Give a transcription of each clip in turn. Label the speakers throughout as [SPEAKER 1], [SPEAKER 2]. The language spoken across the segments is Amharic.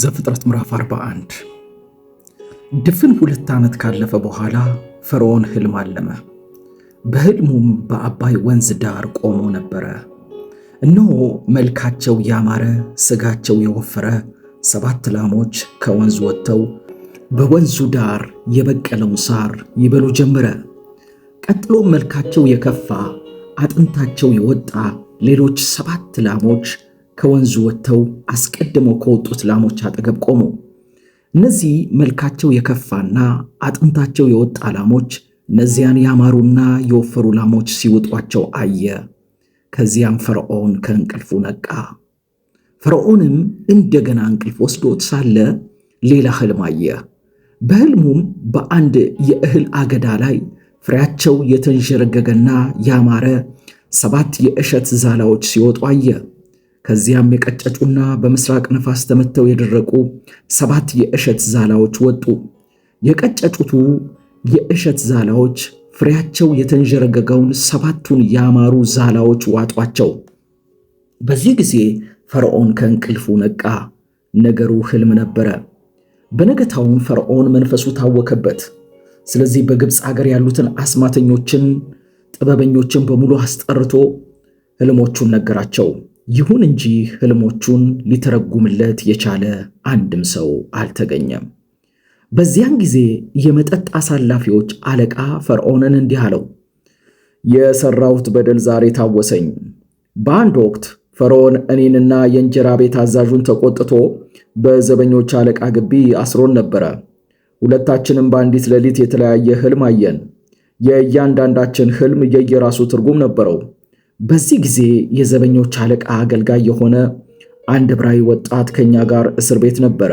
[SPEAKER 1] ዘፍጥረት ምዕራፍ 41 ድፍን ሁለት ዓመት ካለፈ በኋላ ፈርዖን ህልም አለመ። በህልሙም በአባይ ወንዝ ዳር ቆሞ ነበረ። እነሆ መልካቸው ያማረ ስጋቸው የወፈረ ሰባት ላሞች ከወንዝ ወጥተው በወንዙ ዳር የበቀለውን ሳር ይበሉ ጀመረ። ቀጥሎም መልካቸው የከፋ አጥንታቸው የወጣ ሌሎች ሰባት ላሞች ከወንዙ ወጥተው አስቀድመው ከወጡት ላሞች አጠገብ ቆሙ። እነዚህ መልካቸው የከፋና አጥንታቸው የወጣ ላሞች እነዚያን ያማሩና የወፈሩ ላሞች ሲውጧቸው አየ። ከዚያም ፈርዖን ከእንቅልፉ ነቃ። ፈርዖንም እንደገና እንቅልፍ ወስዶት ሳለ ሌላ ህልም አየ። በህልሙም በአንድ የእህል አገዳ ላይ ፍሬያቸው የተንዠረገገና ያማረ ሰባት የእሸት ዛላዎች ሲወጡ አየ። ከዚያም የቀጨጩና በምስራቅ ነፋስ ተመተው የደረቁ ሰባት የእሸት ዛላዎች ወጡ። የቀጨጩቱ የእሸት ዛላዎች ፍሬያቸው የተንዠረገገውን ሰባቱን ያማሩ ዛላዎች ዋጧቸው። በዚህ ጊዜ ፈርዖን ከእንቅልፉ ነቃ። ነገሩ ሕልም ነበረ። በነገታውም ፈርዖን መንፈሱ ታወከበት። ስለዚህ በግብፅ አገር ያሉትን አስማተኞችን፣ ጥበበኞችን በሙሉ አስጠርቶ ሕልሞቹን ነገራቸው። ይሁን እንጂ ሕልሞቹን ሊተረጉምለት የቻለ አንድም ሰው አልተገኘም። በዚያን ጊዜ የመጠጥ አሳላፊዎች አለቃ ፈርዖንን እንዲህ አለው፣ የሠራሁት በደል ዛሬ ታወሰኝ። በአንድ ወቅት ፈርዖን እኔንና የእንጀራ ቤት አዛዡን ተቆጥቶ በዘበኞች አለቃ ግቢ አስሮን ነበረ። ሁለታችንም በአንዲት ሌሊት የተለያየ ሕልም አየን። የእያንዳንዳችን ሕልም የየራሱ ትርጉም ነበረው። በዚህ ጊዜ የዘበኞች አለቃ አገልጋይ የሆነ አንድ ዕብራዊ ወጣት ከኛ ጋር እስር ቤት ነበረ።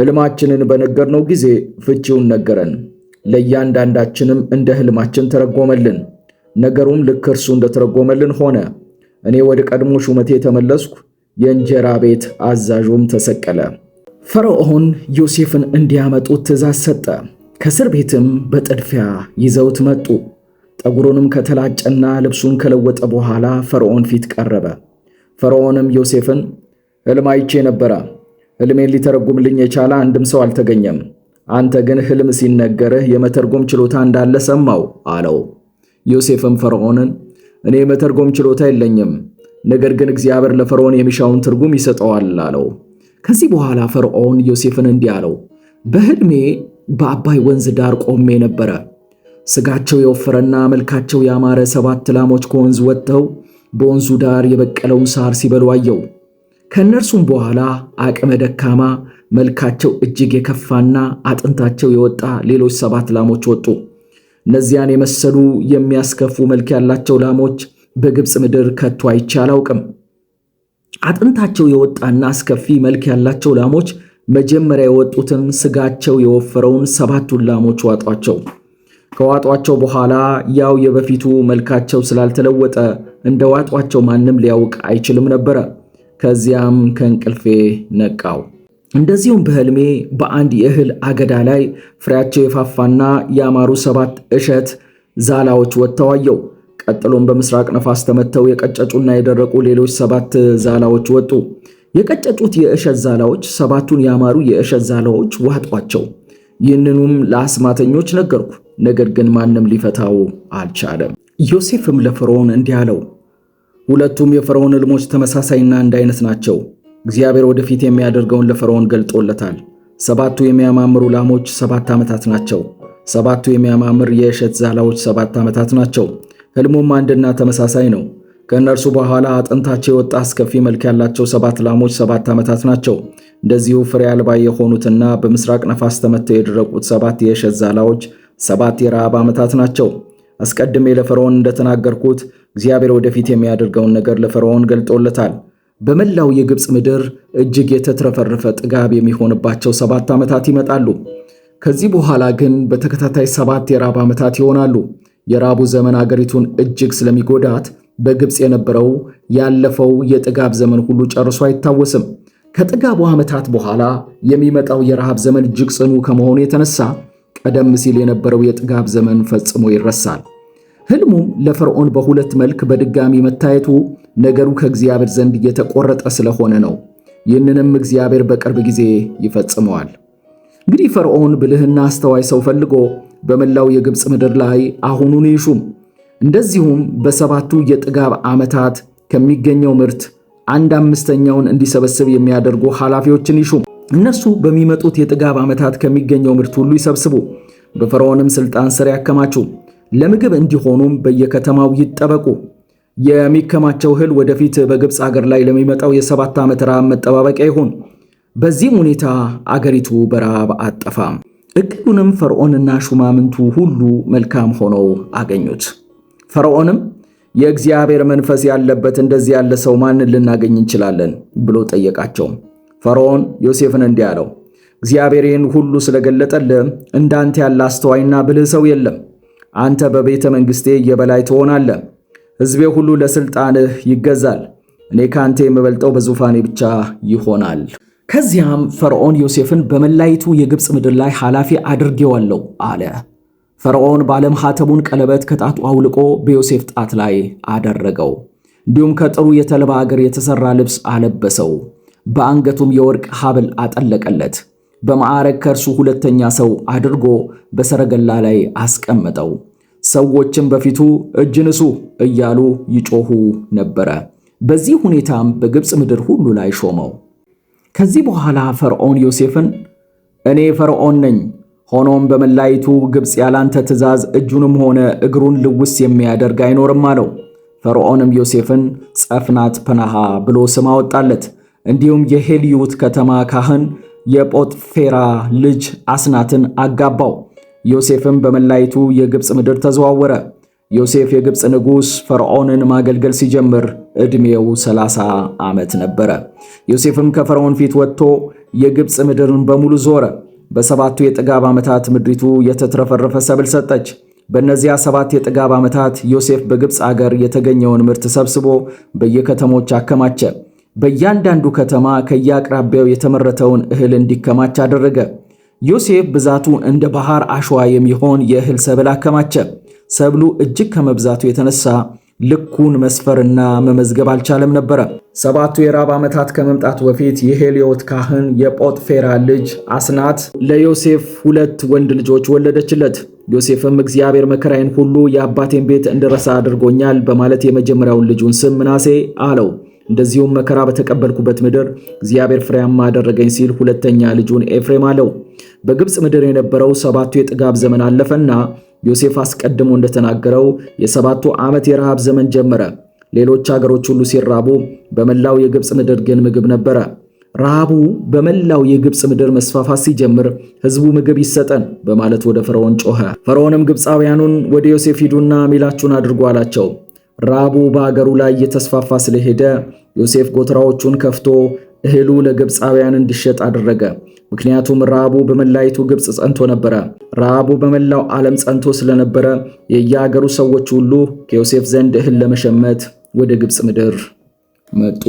[SPEAKER 1] ሕልማችንን በነገርነው ጊዜ ፍቺውን ነገረን። ለእያንዳንዳችንም እንደ ሕልማችን ተረጎመልን። ነገሩም ልክ እርሱ እንደተረጎመልን ሆነ። እኔ ወደ ቀድሞ ሹመቴ ተመለስኩ። የእንጀራ ቤት አዛዡም ተሰቀለ። ፈርዖን ዮሴፍን እንዲያመጡት ትእዛዝ ሰጠ። ከእስር ቤትም በጥድፊያ ይዘውት መጡ። ጠጉሩንም ከተላጨና ልብሱን ከለወጠ በኋላ ፈርዖን ፊት ቀረበ። ፈርዖንም ዮሴፍን ሕልም አይቼ ነበረ። ሕልሜን ሊተረጉምልኝ የቻለ አንድም ሰው አልተገኘም። አንተ ግን ሕልም ሲነገርህ የመተርጎም ችሎታ እንዳለ ሰማው አለው። ዮሴፍም ፈርዖንን እኔ የመተርጎም ችሎታ የለኝም፣ ነገር ግን እግዚአብሔር ለፈርዖን የሚሻውን ትርጉም ይሰጠዋል አለው። ከዚህ በኋላ ፈርዖን ዮሴፍን እንዲህ አለው፣ በሕልሜ በአባይ ወንዝ ዳር ቆሜ ነበረ ስጋቸው የወፈረና መልካቸው ያማረ ሰባት ላሞች ከወንዝ ወጥተው በወንዙ ዳር የበቀለውን ሳር ሲበሉ አየው። ከእነርሱም በኋላ አቅመ ደካማ መልካቸው እጅግ የከፋና አጥንታቸው የወጣ ሌሎች ሰባት ላሞች ወጡ። እነዚያን የመሰሉ የሚያስከፉ መልክ ያላቸው ላሞች በግብፅ ምድር ከቶ አይቼ አላውቅም። አጥንታቸው የወጣና አስከፊ መልክ ያላቸው ላሞች መጀመሪያ የወጡትን ስጋቸው የወፈረውን ሰባቱን ላሞች ዋጧቸው። ከዋጧቸው በኋላ ያው የበፊቱ መልካቸው ስላልተለወጠ እንደ ዋጧቸው ማንም ሊያውቅ አይችልም ነበረ። ከዚያም ከእንቅልፌ ነቃው። እንደዚሁም በህልሜ በአንድ የእህል አገዳ ላይ ፍሬያቸው የፋፋና ያማሩ ሰባት እሸት ዛላዎች ወጥተው ቀጥሎም በምስራቅ ነፋስ ተመተው የቀጨጩና የደረቁ ሌሎች ሰባት ዛላዎች ወጡ። የቀጨጩት የእሸት ዛላዎች ሰባቱን ያማሩ የእሸት ዛላዎች ዋጧቸው። ይህንኑም ለአስማተኞች ነገርኩ። ነገር ግን ማንም ሊፈታው አልቻለም። ዮሴፍም ለፈርዖን እንዲህ አለው፣ ሁለቱም የፈርዖን ዕልሞች ተመሳሳይና አንድ አይነት ናቸው። እግዚአብሔር ወደፊት የሚያደርገውን ለፈርዖን ገልጦለታል። ሰባቱ የሚያማምሩ ላሞች ሰባት ዓመታት ናቸው። ሰባቱ የሚያማምር የእሸት ዛላዎች ሰባት ዓመታት ናቸው። ሕልሙም አንድና ተመሳሳይ ነው። ከእነርሱ በኋላ አጥንታቸው የወጣ አስከፊ መልክ ያላቸው ሰባት ላሞች ሰባት ዓመታት ናቸው። እንደዚሁ ፍሬ አልባ የሆኑትና በምስራቅ ነፋስ ተመተው የደረቁት ሰባት የእሸት ዛላዎች ሰባት የረሃብ ዓመታት ናቸው። አስቀድሜ ለፈርዖን እንደተናገርኩት እግዚአብሔር ወደፊት የሚያደርገውን ነገር ለፈርዖን ገልጦለታል። በመላው የግብፅ ምድር እጅግ የተትረፈረፈ ጥጋብ የሚሆንባቸው ሰባት ዓመታት ይመጣሉ። ከዚህ በኋላ ግን በተከታታይ ሰባት የራብ ዓመታት ይሆናሉ። የራቡ ዘመን አገሪቱን እጅግ ስለሚጎዳት በግብፅ የነበረው ያለፈው የጥጋብ ዘመን ሁሉ ጨርሶ አይታወስም። ከጥጋቡ ዓመታት በኋላ የሚመጣው የረሃብ ዘመን እጅግ ጽኑ ከመሆኑ የተነሳ ቀደም ሲል የነበረው የጥጋብ ዘመን ፈጽሞ ይረሳል። ህልሙም ለፈርዖን በሁለት መልክ በድጋሚ መታየቱ ነገሩ ከእግዚአብሔር ዘንድ እየተቆረጠ ስለሆነ ነው። ይህንንም እግዚአብሔር በቅርብ ጊዜ ይፈጽመዋል። እንግዲህ ፈርዖን ብልህና አስተዋይ ሰው ፈልጎ በመላው የግብፅ ምድር ላይ አሁኑን ይሹም። እንደዚሁም በሰባቱ የጥጋብ ዓመታት ከሚገኘው ምርት አንድ አምስተኛውን እንዲሰበስብ የሚያደርጉ ኃላፊዎችን ይሹም። እነሱ በሚመጡት የጥጋብ ዓመታት ከሚገኘው ምርት ሁሉ ይሰብስቡ፣ በፈርዖንም ሥልጣን ስር ያከማቹ፣ ለምግብ እንዲሆኑም በየከተማው ይጠበቁ። የሚከማቸው እህል ወደፊት በግብፅ አገር ላይ ለሚመጣው የሰባት ዓመት ረሃብ መጠባበቂያ ይሁን። በዚህም ሁኔታ አገሪቱ በረሃብ አጠፋም። እቅዱንም ፈርዖንና ሹማምንቱ ሁሉ መልካም ሆነው አገኙት። ፈርዖንም የእግዚአብሔር መንፈስ ያለበት እንደዚህ ያለ ሰው ማንን ልናገኝ እንችላለን ብሎ ጠየቃቸው። ፈርዖን ዮሴፍን እንዲህ አለው፣ እግዚአብሔር ይህን ሁሉ ስለገለጠልህ እንዳንተ ያለ አስተዋይና ብልህ ሰው የለም። አንተ በቤተ መንግሥቴ የበላይ ትሆናለህ፣ ሕዝቤ ሁሉ ለሥልጣንህ ይገዛል። እኔ ከአንተ የምበልጠው በዙፋኔ ብቻ ይሆናል። ከዚያም ፈርዖን ዮሴፍን በመላይቱ የግብፅ ምድር ላይ ኃላፊ አድርጌዋለሁ አለ። ፈርዖን ባለም ሐተሙን ቀለበት ከጣቱ አውልቆ በዮሴፍ ጣት ላይ አደረገው። እንዲሁም ከጥሩ የተልባ አገር የተሠራ ልብስ አለበሰው። በአንገቱም የወርቅ ሐብል አጠለቀለት። በማዕረግ ከእርሱ ሁለተኛ ሰው አድርጎ በሰረገላ ላይ አስቀመጠው። ሰዎችም በፊቱ እጅ ንሱ እያሉ ይጮኹ ነበረ። በዚህ ሁኔታም በግብፅ ምድር ሁሉ ላይ ሾመው። ከዚህ በኋላ ፈርዖን ዮሴፍን እኔ ፈርዖን ነኝ፣ ሆኖም በመላይቱ ግብፅ ያላንተ ትእዛዝ እጁንም ሆነ እግሩን ልውስ የሚያደርግ አይኖርም አለው። ፈርዖንም ዮሴፍን ጸፍናት ፐናሃ ብሎ ስም አወጣለት። እንዲሁም የሄልዮት ከተማ ካህን የጶጥፌራ ልጅ አስናትን አጋባው። ዮሴፍም በመላይቱ የግብፅ ምድር ተዘዋወረ። ዮሴፍ የግብፅ ንጉሥ ፈርዖንን ማገልገል ሲጀምር ዕድሜው 30 ዓመት ነበረ። ዮሴፍም ከፈርዖን ፊት ወጥቶ የግብፅ ምድርን በሙሉ ዞረ። በሰባቱ የጥጋብ ዓመታት ምድሪቱ የተትረፈረፈ ሰብል ሰጠች። በእነዚያ ሰባት የጥጋብ ዓመታት ዮሴፍ በግብፅ አገር የተገኘውን ምርት ሰብስቦ በየከተሞች አከማቸ። በእያንዳንዱ ከተማ ከየአቅራቢያው የተመረተውን እህል እንዲከማች አደረገ። ዮሴፍ ብዛቱ እንደ ባህር አሸዋ የሚሆን የእህል ሰብል አከማቸ። ሰብሉ እጅግ ከመብዛቱ የተነሳ ልኩን መስፈርና መመዝገብ አልቻለም ነበረ። ሰባቱ የራብ ዓመታት ከመምጣቱ በፊት የሄልዮት ካህን የጶጥፌራ ልጅ አስናት ለዮሴፍ ሁለት ወንድ ልጆች ወለደችለት። ዮሴፍም እግዚአብሔር መከራዬን ሁሉ የአባቴን ቤት እንድረሳ አድርጎኛል በማለት የመጀመሪያውን ልጁን ስም ምናሴ አለው። እንደዚሁም መከራ በተቀበልኩበት ምድር እግዚአብሔር ፍሬያማ አደረገኝ ሲል ሁለተኛ ልጁን ኤፍሬም አለው። በግብፅ ምድር የነበረው ሰባቱ የጥጋብ ዘመን አለፈና ዮሴፍ አስቀድሞ እንደተናገረው የሰባቱ ዓመት የረሃብ ዘመን ጀመረ። ሌሎች አገሮች ሁሉ ሲራቡ፣ በመላው የግብፅ ምድር ግን ምግብ ነበረ። ረሃቡ በመላው የግብፅ ምድር መስፋፋት ሲጀምር ሕዝቡ ምግብ ይሰጠን በማለት ወደ ፈርዖን ጮኸ። ፈርዖንም ግብፃውያኑን ወደ ዮሴፍ ሂዱና ሚላችሁን አድርጎ አላቸው። ራቡ በአገሩ ላይ እየተስፋፋ ስለሄደ ዮሴፍ ጎተራዎቹን ከፍቶ እህሉ ለግብፃውያን እንዲሸጥ አደረገ። ምክንያቱም ራቡ በመላይቱ ግብፅ ጸንቶ ነበረ። ራቡ በመላው ዓለም ጸንቶ ስለነበረ የየአገሩ ሰዎች ሁሉ ከዮሴፍ ዘንድ እህል ለመሸመት ወደ ግብፅ ምድር መጡ።